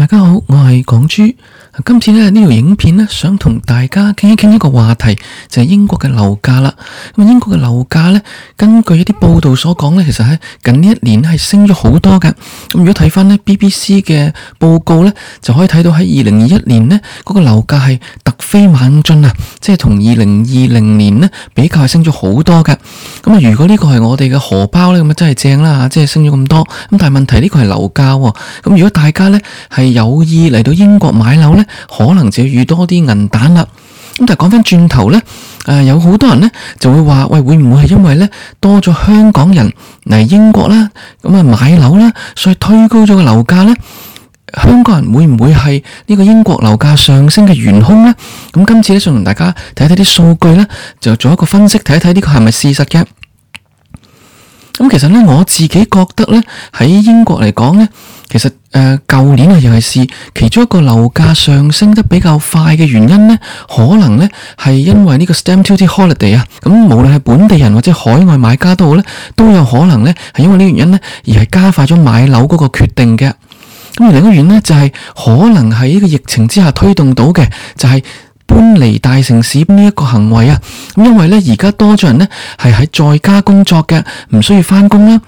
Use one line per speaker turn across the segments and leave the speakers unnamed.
大家好，我係港珠。今次呢條影片呢，想同大家傾一傾一個話題，就係英國嘅樓價啦。咁英國嘅樓價呢，根據一啲報道所講呢，其實喺近呢一年係升咗好多㗎。咁如果睇翻呢 BBC 嘅報告呢，就可以睇到喺二零二一年呢，嗰個樓價係突飛猛進啊，即係同二零二零年呢比較係升咗好多㗎。咁啊，如果呢個係我哋嘅荷包呢，咁啊真係正啦，即係升咗咁多。咁但係問題呢個係樓價喎，咁如果大家呢。係。有意嚟到英國買樓呢，可能就要預多啲銀彈啦。咁但係講翻轉頭呢，誒有好多人呢就會話：「喂，會唔會係因為呢多咗香港人嚟英國啦，咁啊買樓啦，所以推高咗個樓價呢？香港人會唔會係呢個英國樓價上升嘅元兇呢？」咁今次咧，就同大家睇睇啲數據呢，就做一個分析，睇一睇呢個係咪事實嘅？咁其實呢，我自己覺得呢，喺英國嚟講呢。其實。誒、呃，舊年啊，尤其是其中一個樓價上升得比較快嘅原因呢，可能呢係因為呢個 Stamp Duty Holiday 啊，咁無論係本地人或者海外買家都好咧，都有可能呢係因為呢個原因呢，而係加快咗買樓嗰個決定嘅。咁另一個原因呢，就係、是、可能喺呢個疫情之下推動到嘅就係、是、搬離大城市呢一個行為啊。咁因為呢，而家多咗人呢，係喺在、在家工作嘅，唔需要翻工，啦。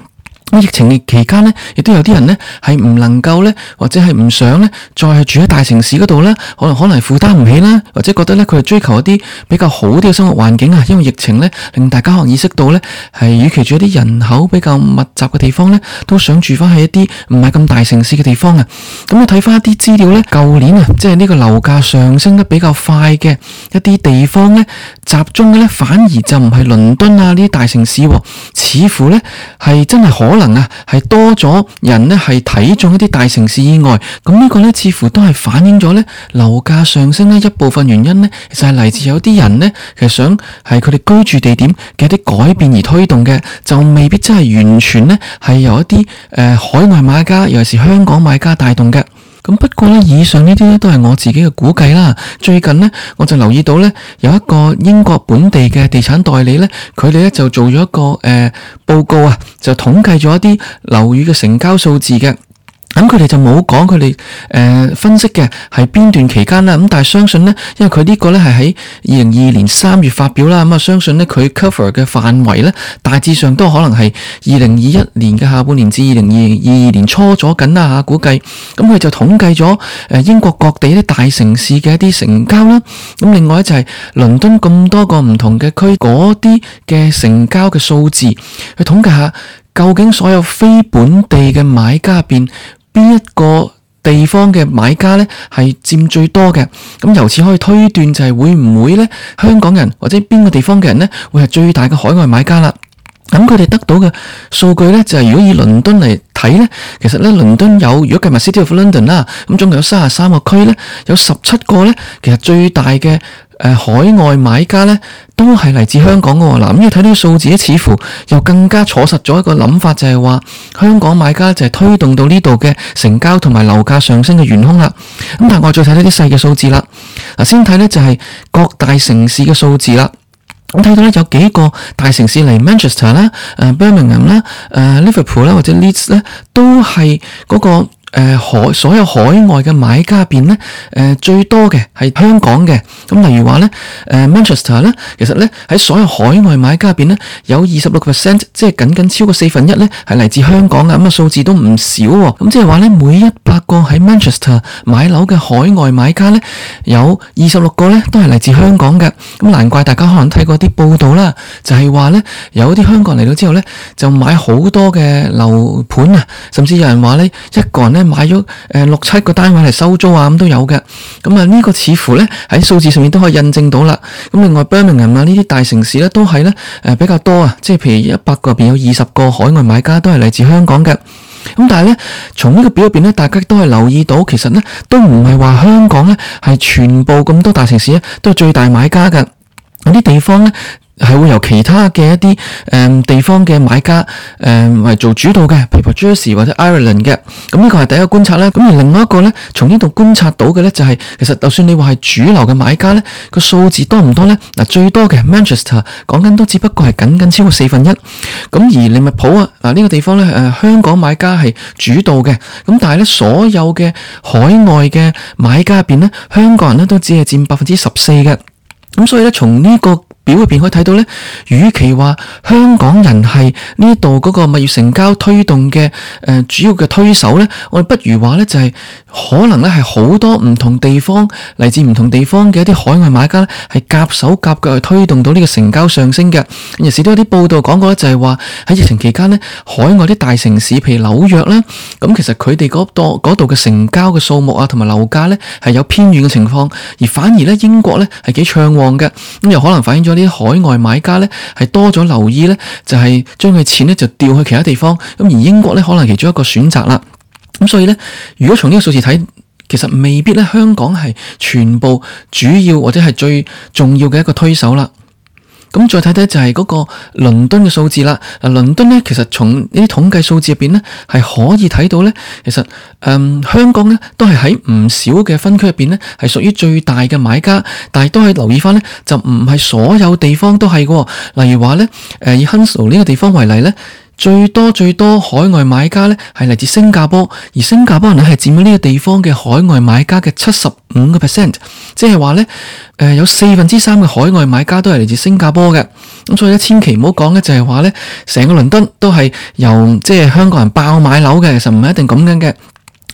疫情期間呢，亦都有啲人呢係唔能夠呢，或者係唔想呢，再去住喺大城市嗰度啦，可能可能負擔唔起啦，或者覺得呢，佢係追求一啲比較好啲嘅生活環境啊。因為疫情呢，令大家學意識到呢，係與其住喺啲人口比較密集嘅地方呢，都想住翻喺一啲唔係咁大城市嘅地方啊。咁我睇翻一啲資料呢，舊年啊，即係呢個樓價上升得比較快嘅一啲地方呢，集中嘅呢，反而就唔係倫敦啊呢啲大城市，似乎呢，係真係可能。可能啊，係多咗人呢係睇中一啲大城市以外，咁呢個呢，似乎都係反映咗呢樓價上升呢一部分原因呢。其實係嚟自有啲人呢，其實想係佢哋居住地點嘅一啲改變而推動嘅，就未必真係完全呢係由一啲誒海外買家，尤其是香港買家帶動嘅。咁不過咧，以上呢啲咧都係我自己嘅估計啦。最近咧，我就留意到咧，有一個英國本地嘅地產代理咧，佢哋咧就做咗一個誒、呃、報告啊，就統計咗一啲樓宇嘅成交數字嘅。咁佢哋就冇講佢哋誒分析嘅係邊段期間啦，咁但係相信呢，因為佢呢個呢係喺二零二二年三月發表啦，咁啊相信呢，佢 cover 嘅範圍呢大致上都可能係二零二一年嘅下半年至二零二二年初咗緊啦嚇，估計。咁佢就統計咗英國各地啲大城市嘅一啲成交啦。咁另外就係倫敦咁多個唔同嘅區嗰啲嘅成交嘅數字，去統計下究竟所有非本地嘅買家入邊，邊一個地方嘅買家咧係佔最多嘅，咁由此可以推斷就係會唔會咧香港人或者邊個地方嘅人咧會係最大嘅海外買家啦？咁佢哋得到嘅數據咧就係如果以倫敦嚟睇咧其實咧倫敦有如果計埋 City of London 啦，咁總共有三十三個區咧，有十七個咧，其實最大嘅。海外買家咧都係嚟自香港嘅喎，嗱，咁要睇呢啲數字咧，似乎又更加坐實咗一個諗法，就係、是、話香港買家呢就係、是、推動到呢度嘅成交同埋樓價上升嘅元凶啦。咁但係我再睇呢啲細嘅數字啦，嗱，先睇咧就係、是、各大城市嘅數字啦。咁睇到咧有幾個大城市嚟 Manchester 啦、Birmingham 啦、呃呃、Liverpool 啦或者 Leeds 咧，都係嗰、那個。誒海所有海外嘅買家入邊咧，誒最多嘅係香港嘅。咁例如話咧，誒 Manchester 咧，其實咧喺所有海外買家入邊咧，有二十六 percent，即係僅僅超過四分一咧，係嚟自香港嘅。咁啊數字都唔少喎。咁即係話咧，每一百個喺 Manchester 買樓嘅海外買家咧，有二十六個咧都係嚟自香港嘅。咁難怪大家可能睇過啲報道啦，就係話咧，有啲香港嚟到之後咧，就買好多嘅樓盤啊，甚至有人話咧，一個人咧。買咗誒六七個單位嚟收租啊，咁都有嘅。咁啊呢個似乎咧喺數字上面都可以印證到啦。咁另外 Birmingham 呢啲大城市咧都係咧誒比較多啊，即係譬如一百個入邊有二十個海外買家都係嚟自香港嘅。咁但係咧從呢個表入邊咧，大家都係留意到，其實咧都唔係話香港咧係全部咁多大城市咧都係最大買家嘅。嗰啲地方咧，係會由其他嘅一啲誒、嗯、地方嘅買家誒、嗯、係做主導嘅，譬如 Jersey 或者 Ireland 嘅。咁呢個係第一個觀察啦。咁而另外一個咧，從呢度觀察到嘅咧、就是，就係其實就算你話係主流嘅買家咧，個數字多唔多咧？嗱，最多嘅 Manchester 講緊都只不過係僅僅超過四分一。咁而利物浦啊，嗱、啊、呢、呢個地方咧、啊，香港買家係主導嘅。咁但係咧，所有嘅海外嘅買家入邊咧，香港人咧都只係佔百分之十四嘅。咁所以咧，從呢個表入邊可以睇到咧，與其話香港人係呢度嗰個物業成交推動嘅誒、呃、主要嘅推手咧，我哋不如話咧就係、是、可能咧係好多唔同地方嚟自唔同地方嘅一啲海外買家咧係夾手夾腳去推動到呢個成交上升嘅。有時都有啲報道講過咧，就係話喺疫情期間咧，海外啲大城市譬如紐約啦，咁其實佢哋嗰度嗰度嘅成交嘅數目啊，同埋樓價咧係有偏遠嘅情況，而反而咧英國咧係幾暢旺嘅，咁又可能反映咗。啲海外買家咧，係多咗留意咧，就係將佢錢咧就調去其他地方，咁而英國咧可能其中一個選擇啦，咁所以咧，如果從呢個數字睇，其實未必咧香港係全部主要或者係最重要嘅一個推手啦。咁再睇睇就係嗰個倫敦嘅數字啦。啊，倫敦咧其實從呢啲統計數字入面咧係可以睇到咧，其實誒、嗯、香港咧都係喺唔少嘅分區入面咧係屬於最大嘅買家，但係都係留意翻咧就唔係所有地方都係嘅喎。例如話咧以 Hounslow 呢個地方為例咧。最多最多海外買家咧係嚟自新加坡，而新加坡人咧係佔咗呢個地方嘅海外買家嘅七十五個 percent，即係話咧，誒、呃、有四分之三嘅海外買家都係嚟自新加坡嘅。咁所以咧，千祈唔好講咧，就係話咧，成個倫敦都係由即係香港人爆買樓嘅，其實唔係一定咁樣嘅。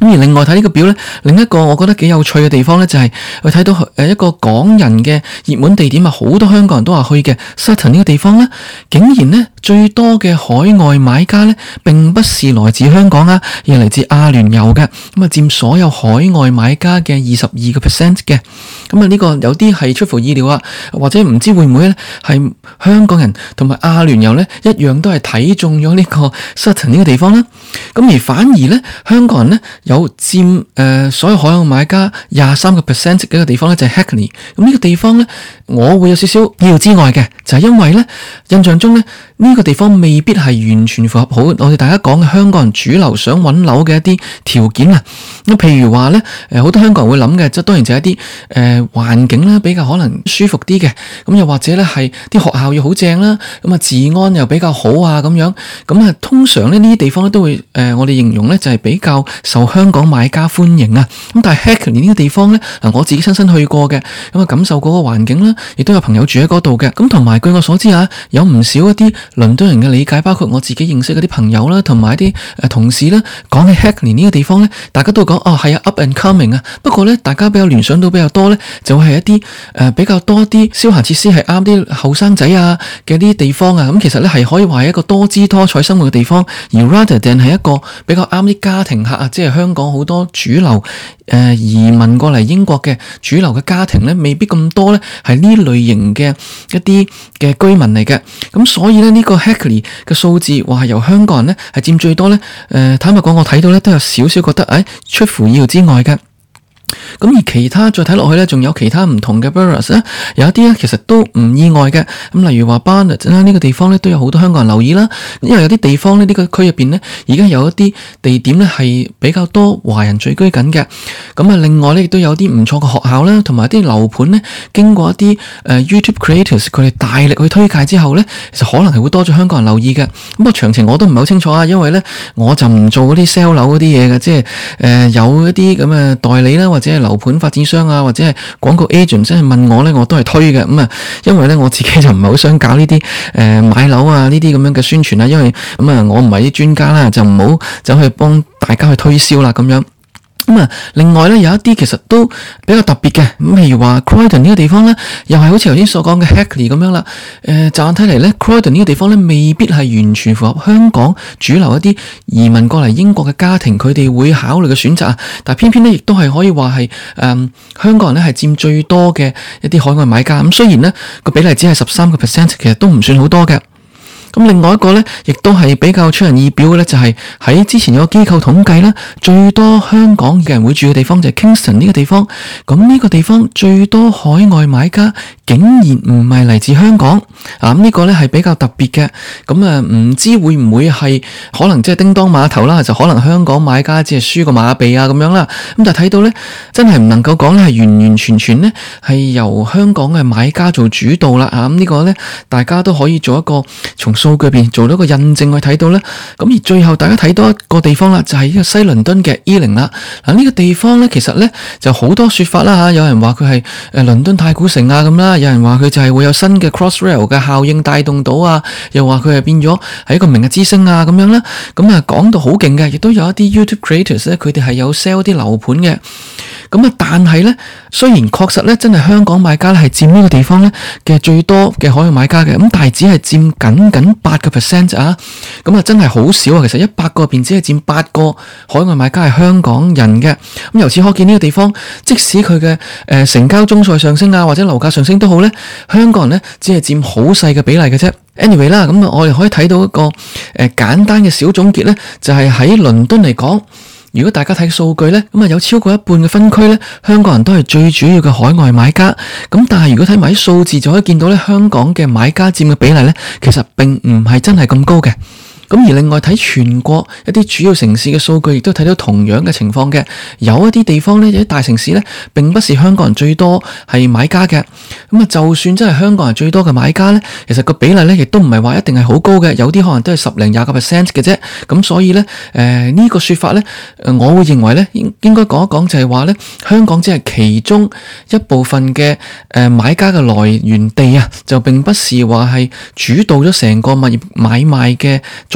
咁而另外睇呢個表咧，另一個我覺得幾有趣嘅地方咧就係去睇到誒一個港人嘅熱門地點啊，好多香港人都話去嘅，Sutton 呢個地方咧，竟然咧。最多嘅海外買家咧，並不是來自香港啊，而係來自阿聯酋嘅，咁啊佔所有海外買家嘅二十二個 percent 嘅。咁啊呢個有啲係出乎意料啊，或者唔知會唔會咧係香港人同埋阿聯酋咧一樣都係睇中咗呢個 Sultan 呢個地方啦。咁而反而咧，香港人咧有佔誒、呃、所有海外買家廿三個 percent 嘅一個地方咧，就係、是、Hackney。咁呢個地方咧。我會有少少意料之外嘅，就係因為呢印象中呢呢個地方未必係完全符合好我哋大家講嘅香港人主流想揾樓嘅一啲條件啊。咁譬如話呢，好多香港人會諗嘅，即當然就係一啲誒環境啦，比較可能舒服啲嘅。咁又或者呢係啲學校要好正啦，咁啊治安又比較好啊咁樣。咁啊通常呢呢啲地方呢都會誒我哋形容呢就係比較受香港買家歡迎啊。咁但係 Hackney 呢個地方呢，嗱我自己親身去過嘅，咁啊感受嗰個環境啦。亦都有朋友住喺嗰度嘅，咁同埋據我所知啊，有唔少一啲倫敦人嘅理解，包括我自己認識嗰啲朋友啦，同埋一啲同事呢。講起 Hackney 呢個地方咧，大家都講啊，係、哦、啊，up and coming 啊。不過咧，大家比較聯想到比較多咧，就係、是、一啲誒、呃、比較多啲消閒設施係啱啲後生仔啊嘅呢啲地方啊。咁其實咧係可以話係一個多姿多彩生活嘅地方，而 rather than 係一個比較啱啲家庭客啊，即係香港好多主流誒、呃、移民過嚟英國嘅主流嘅家庭咧，未必咁多咧，係呢。呢類型嘅一啲嘅居民嚟嘅，咁所以咧呢、呢個 Hackley 嘅數字話係由香港人咧係佔最多咧，誒、呃、坦白講我睇到咧都有少少覺得誒、哎、出乎意料之外嘅。咁而其他再睇落去呢，仲有其他唔同嘅 boroughs 呢？有一啲呢，其實都唔意外嘅。咁例如話 Barnet 啦呢個地方呢，都有好多香港人留意啦，因為有啲地方呢，呢個區入邊呢，而家有一啲地點呢，係比較多華人聚居緊嘅。咁啊，另外呢，亦都有啲唔錯嘅學校啦，同埋啲樓盤呢，經過一啲 YouTube creators 佢哋大力去推介之後呢，其實可能係會多咗香港人留意嘅。咁啊，詳情我都唔係好清楚啊，因為呢，我就唔做嗰啲 sell 樓嗰啲嘢嘅，即係誒有一啲咁嘅代理啦。或者係樓盤發展商啊，或者係廣告 agent，即係問我咧，我都係推嘅咁、呃、啊，啊。因為咧、嗯，我自己就唔係好想搞呢啲誒買樓啊呢啲咁樣嘅宣傳啦。因為咁啊，我唔係啲專家啦，就唔好走去幫大家去推銷啦咁樣。另外呢，有一啲其實都比較特別嘅咁，譬如話 Croydon 呢個地方呢，又係好似頭先所講嘅 Hackney 咁樣啦。誒，驟眼睇嚟，呢 Croydon 呢個地方呢，未必係完全符合香港主流一啲移民過嚟英國嘅家庭佢哋會考慮嘅選擇啊。但偏偏呢，亦都係可以話係誒，香港人呢係佔最多嘅一啲海外買家咁。雖然呢個比例只係十三個 percent，其實都唔算好多嘅。咁另外一個呢，亦都係比較出人意表嘅呢就係、是、喺之前有個機構統計啦，最多香港嘅人會住嘅地方就係 Kingston 呢個地方。咁、這、呢個地方最多海外買家，竟然唔係嚟自香港啊！咁、這、呢個呢係比較特別嘅。咁啊，唔知會唔會係可能即係叮噹馬頭啦？就可能香港買家即係輸個馬鼻啊咁樣啦。咁但係睇到呢，真係唔能夠講呢係完完全全呢係由香港嘅買家做主導啦。啊咁呢個呢，大家都可以做一個數據入面做咗個印證，去睇到呢。咁而最後大家睇到一個地方啦，就係呢個西倫敦嘅伊靈啦。嗱，呢個地方呢，其實呢就好多說法啦吓，有人話佢係誒倫敦太古城啊咁啦，有人話佢就係會有新嘅 Crossrail 嘅效應帶動到啊，又話佢係變咗係一個明日之星啊咁樣啦。咁啊，講到好勁嘅，亦都有一啲 YouTube creators 呢，佢哋係有 sell 啲樓盤嘅。咁啊，但係咧，雖然確實咧，真係香港買家咧係佔呢個地方咧嘅最多嘅海外買家嘅，咁但係只係佔僅僅八個 percent 啊，咁啊真係好少啊！其實一百個入邊只係佔八個海外買家係香港人嘅，咁由此可見呢個地方，即使佢嘅成交宗數上升啊，或者樓價上升都好咧，香港人咧只係佔好細嘅比例嘅啫。anyway 啦，咁我哋可以睇到一個簡單嘅小總結咧，就係喺倫敦嚟講。如果大家睇數據咧，咁啊有超過一半嘅分區咧，香港人都係最主要嘅海外買家。咁但係如果睇埋啲數字，就可以見到咧，香港嘅買家佔嘅比例咧，其實並唔係真係咁高嘅。咁而另外睇全國一啲主要城市嘅數據亦都睇到同樣嘅情況嘅。有一啲地方咧，有啲大城市咧，並不是香港人最多係買家嘅。咁啊，就算真係香港人最多嘅買家咧，其實個比例咧，亦都唔係話一定係好高嘅。有啲可能都係十零廿個 percent 嘅啫。咁所以咧，誒、呃、呢、呢個說法咧，誒我會認為咧，應應該講一講就係話咧，香港只係其中一部分嘅誒買家嘅來源地啊，就並不是話係主導咗成個物業買賣嘅。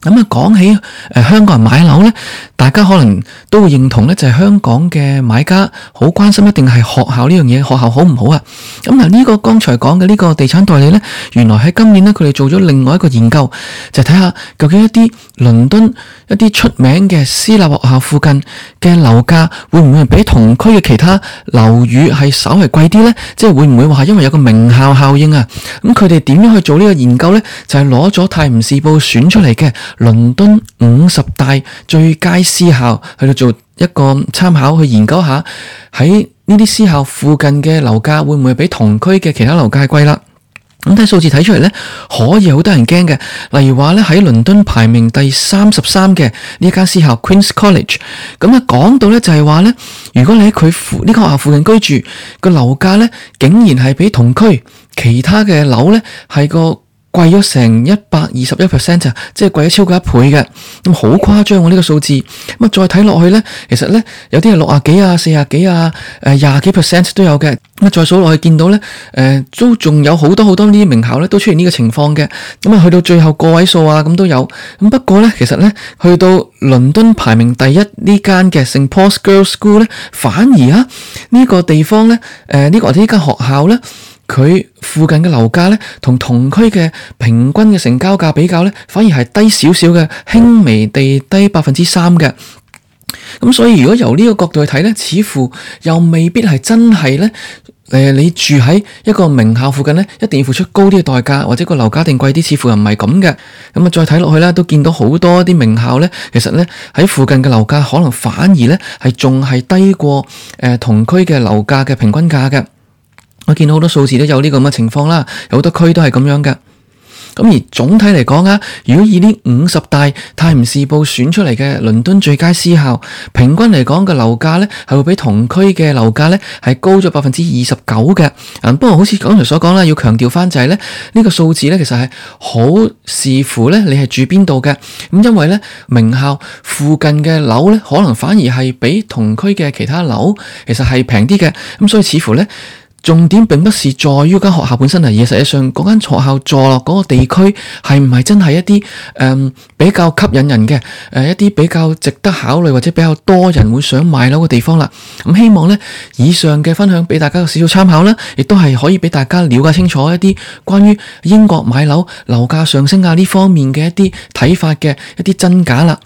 咁啊，講起誒，香港人買樓咧，大家可能都會認同咧，就係香港嘅買家好關心一定係學校呢樣嘢，學校好唔好啊？咁嗱，呢個剛才講嘅呢個地產代理咧，原來喺今年咧，佢哋做咗另外一個研究，就睇下究竟一啲倫敦一啲出名嘅私立學校附近嘅樓價會唔會比同區嘅其他樓宇係稍為貴啲咧？即係會唔會話因為有個名校效應啊？咁佢哋點樣去做呢個研究咧？就係攞咗泰晤士報選出嚟嘅倫敦五十大最佳私校，去到做一個參考去研究下，喺呢啲私校附近嘅樓價會唔會比同區嘅其他樓價貴啦？咁睇數字睇出嚟咧，可以好多人驚嘅。例如話咧喺倫敦排名第三十三嘅呢間私校 Queen’s College，咁啊講到咧就係話咧，如果你喺佢呢個學校附近居住，個樓價咧竟然係比同區其他嘅樓咧係個。貴咗成一百二十一 percent，即係貴咗超過一倍嘅，咁好誇張我呢個數字。咁啊再睇落去咧，其實咧有啲係六啊幾啊、四啊幾啊、誒廿幾 percent 都有嘅。咁啊再數落去見到咧，誒都仲有好多好多呢啲名校咧都出現呢個情況嘅。咁啊去到最後個位數啊咁都有。咁不過咧其實咧去到倫敦排名第一呢間嘅 Saint Paul's Girls' School 咧，反而啊呢個地方咧，誒、這、呢個呢間學校咧。佢附近嘅樓價呢，同同區嘅平均嘅成交價比較呢，反而係低少少嘅，輕微地低百分之三嘅。咁所以如果由呢個角度去睇呢，似乎又未必係真係呢。誒，你住喺一個名校附近呢，一定要付出高啲嘅代價，或者個樓價定貴啲，似乎又唔係咁嘅。咁啊，再睇落去啦，都見到好多啲名校呢，其實呢，喺附近嘅樓價可能反而呢，係仲係低過誒同區嘅樓價嘅平均價嘅。我見到好多數字都有呢個咁嘅情況啦，有好多區都係咁樣嘅。咁而總體嚟講啊，如果以呢五十大泰晤士報選出嚟嘅倫敦最佳私校，平均嚟講嘅樓價呢係會比同區嘅樓價呢係高咗百分之二十九嘅。不過好似剛才所講啦，要強調翻就係呢，呢個數字呢，其實係好視乎呢你係住邊度嘅。咁因為呢名校附近嘅樓呢，可能反而係比同區嘅其他樓其實係平啲嘅。咁所以似乎呢。重點並不是在於間學校本身啊，而實際上嗰間學校坐落嗰個地區係唔係真係一啲誒、嗯、比較吸引人嘅誒、呃、一啲比較值得考慮或者比較多人會想買樓嘅地方啦。咁、嗯、希望呢以上嘅分享俾大家有少少參考啦，亦都係可以俾大家了解清楚一啲關於英國買樓樓價上升啊呢方面嘅一啲睇法嘅一啲真假啦。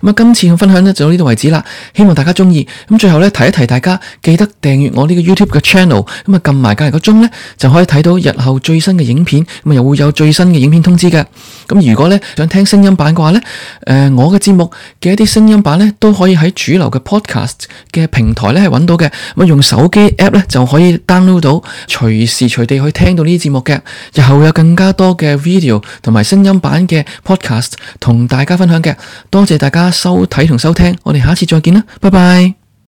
咁啊，今次嘅分享咧就到呢度為止啦，希望大家中意。咁最後咧提一提，大家記得訂閱我呢個 YouTube 嘅 channel。咁啊，撳埋隔籬個鐘咧，就可以睇到日後最新嘅影片。咁啊，又會有最新嘅影片通知嘅。咁如果咧想聽聲音版嘅話咧，誒，我嘅節目嘅一啲聲音版咧都可以喺主流嘅 podcast 嘅平台咧係揾到嘅。咁啊，用手機 app 咧就可以 download 到，隨時隨地去聽到呢啲節目嘅。日後會有更加多嘅 video 同埋聲音版嘅 podcast 同大家分享嘅。多謝大家。收睇同收聽，我哋下次再見啦，拜拜。